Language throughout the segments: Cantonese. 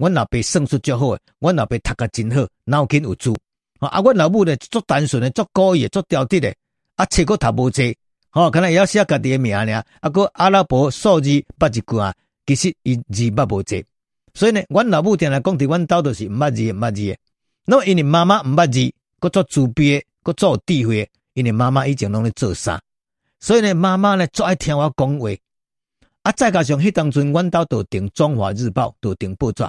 阮老爸算術較好個，阮老爸讀甲真好，腦筋有珠。啊，我老母咧足單純個，足古意個，足挑剔個，啊，書閣讀無濟。好，可能要寫家己個名倆。啊，個啊阿拉伯數字不一啊其實百一字捌無濟。所以呢，我老母定來講，對阮倒都是唔捌字，唔捌字。那麼因為媽媽唔捌字，佮做主編，佮做指揮，因為媽媽以前攏咧做啥，所以媽媽呢，媽媽呢足愛聽我講話。啊，再加上迄當陣，阮倒都訂《中華日報》報，都訂報紙。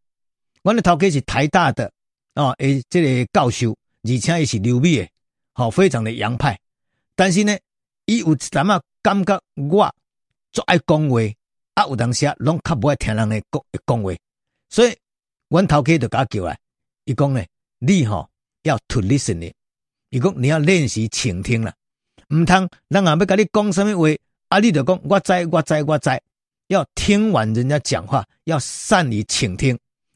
阮的頭家是台大的，啊、哦，誒，即個教授，而且伊是留美的，嘅，吼，非常的洋派。但是呢，伊有淡仔感覺我足愛講話，啊，有當時攏較唔愛聽人嘅講講話，所以阮頭家就甲我叫來，伊講呢，你吼、哦、要 to listening，伊講你要練習傾聽啦，唔通人啊要甲你講啥物話，啊，你就講我知，我知，我知，我知，我知，要聽完人家講話，要善於傾聽。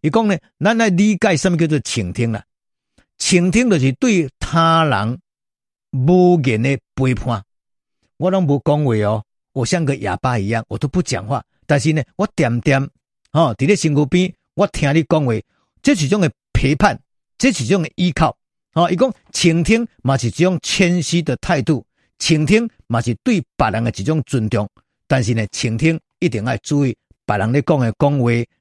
伊講呢，咱來理解什麼叫做傾聽啦？傾聽著是對他人無言的陪伴，我攏無講話哦，我像個啞巴一樣，我都不講話。但是呢，我點點哦，佇你身軀邊，我聽你講話，這是一種嘅陪伴，這是一種嘅依靠。吼、哦，伊講傾聽嘛是一種謙虛的態度，傾聽嘛是對別人的一種尊重。但是呢，傾聽一定要注意別人咧講嘅講話。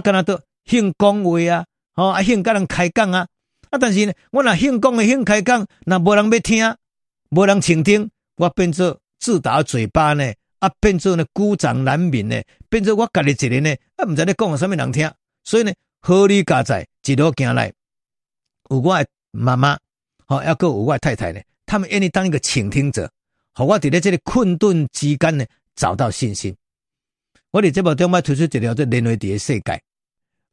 咁啊，到興講話啊，哦，興跟人開講啊，啊，啊，啊但是呢，我若興講嘅興開講，若無人要聽，無人傾聽，我變做自打嘴巴呢，啊，變做呢孤掌難鳴呢，變做我家己一人呢，毋知你講嘅啥物人聽，所以呢，合理加載一路行來，有我媽媽，哦，一個有我的太太呢，他們願意當一個傾聽者，好，我佇咧即個困頓之間呢，找到信心，我佇節目電推出一條即連結啲世界。